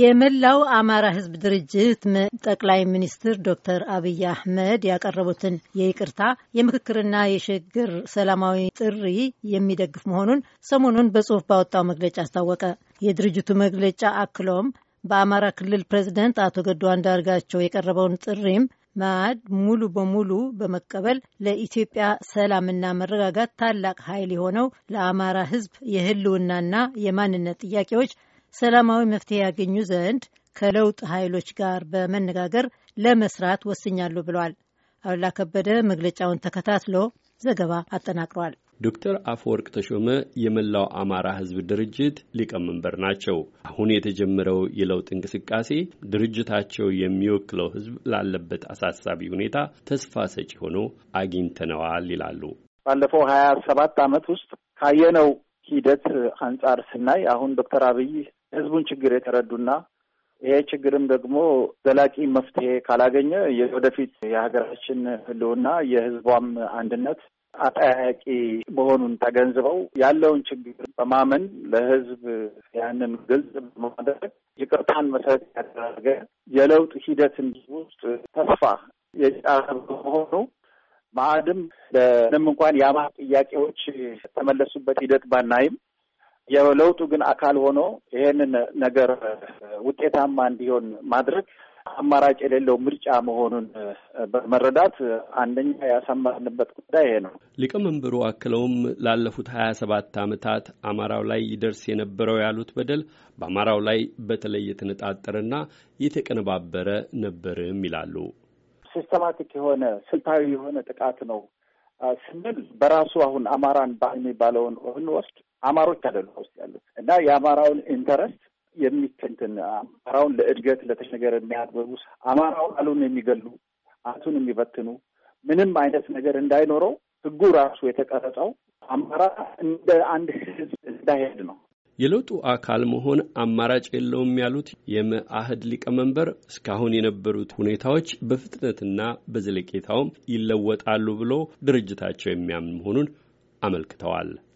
የመላው አማራ ሕዝብ ድርጅት ጠቅላይ ሚኒስትር ዶክተር አብይ አህመድ ያቀረቡትን የይቅርታ የምክክርና የሽግግር ሰላማዊ ጥሪ የሚደግፍ መሆኑን ሰሞኑን በጽሁፍ ባወጣው መግለጫ አስታወቀ። የድርጅቱ መግለጫ አክሎም በአማራ ክልል ፕሬዚደንት አቶ ገዱ አንዳርጋቸው የቀረበውን ጥሪም ማዕድ ሙሉ በሙሉ በመቀበል ለኢትዮጵያ ሰላምና መረጋጋት ታላቅ ኃይል የሆነው ለአማራ ሕዝብ የህልውናና የማንነት ጥያቄዎች ሰላማዊ መፍትሄ ያገኙ ዘንድ ከለውጥ ኃይሎች ጋር በመነጋገር ለመስራት ወስኛሉ ብለዋል። አሉላ ከበደ መግለጫውን ተከታትሎ ዘገባ አጠናቅሯል። ዶክተር አፈወርቅ ተሾመ የመላው አማራ ሕዝብ ድርጅት ሊቀመንበር ናቸው። አሁን የተጀመረው የለውጥ እንቅስቃሴ ድርጅታቸው የሚወክለው ሕዝብ ላለበት አሳሳቢ ሁኔታ ተስፋ ሰጪ ሆኖ አግኝተነዋል ይላሉ። ባለፈው ሀያ ሰባት ዓመት ውስጥ ካየነው ሂደት አንጻር ስናይ አሁን ዶክተር አብይ ህዝቡን ችግር የተረዱና ይሄ ችግርም ደግሞ ዘላቂ መፍትሄ ካላገኘ ወደፊት የሀገራችን ህልውና የህዝቧም አንድነት አጠያቂ መሆኑን ተገንዝበው ያለውን ችግር በማመን ለህዝብ ያንን ግልጽ በማድረግ ይቅርታን መሰረት ያደረገ የለውጥ ሂደትን ውስጥ ተስፋ የጫረ በመሆኑ ማዕድም ለምንም እንኳን የአማራ ጥያቄዎች የተመለሱበት ሂደት ባናይም የለውጡ ግን አካል ሆኖ ይሄንን ነገር ውጤታማ እንዲሆን ማድረግ አማራጭ የሌለው ምርጫ መሆኑን በመረዳት አንደኛ ያሰመርንበት ጉዳይ ይሄ ነው። ሊቀመንበሩ አክለውም ላለፉት ሀያ ሰባት ዓመታት አማራው ላይ ይደርስ የነበረው ያሉት በደል በአማራው ላይ በተለይ የተነጣጠረና የተቀነባበረ ነበርም ይላሉ። ሲስተማቲክ የሆነ ስልታዊ የሆነ ጥቃት ነው ስንል በራሱ አሁን አማራን ባህል የሚባለውን ብንወስድ አማሮች አይደሉም ውስጥ ያሉት እና የአማራውን ኢንተረስት የሚከንትን አማራውን ለእድገት ለተሽ ነገር የሚያጥበቡ አማራውን አሉን የሚገሉ አቱን የሚበትኑ ምንም አይነት ነገር እንዳይኖረው ህጉ ራሱ የተቀረጸው አማራ እንደ አንድ ህዝብ እንዳይሄድ ነው። የለውጡ አካል መሆን አማራጭ የለውም ያሉት የመአህድ ሊቀመንበር እስካሁን የነበሩት ሁኔታዎች በፍጥነትና በዘለቄታውም ይለወጣሉ ብሎ ድርጅታቸው የሚያምን መሆኑን አመልክተዋል።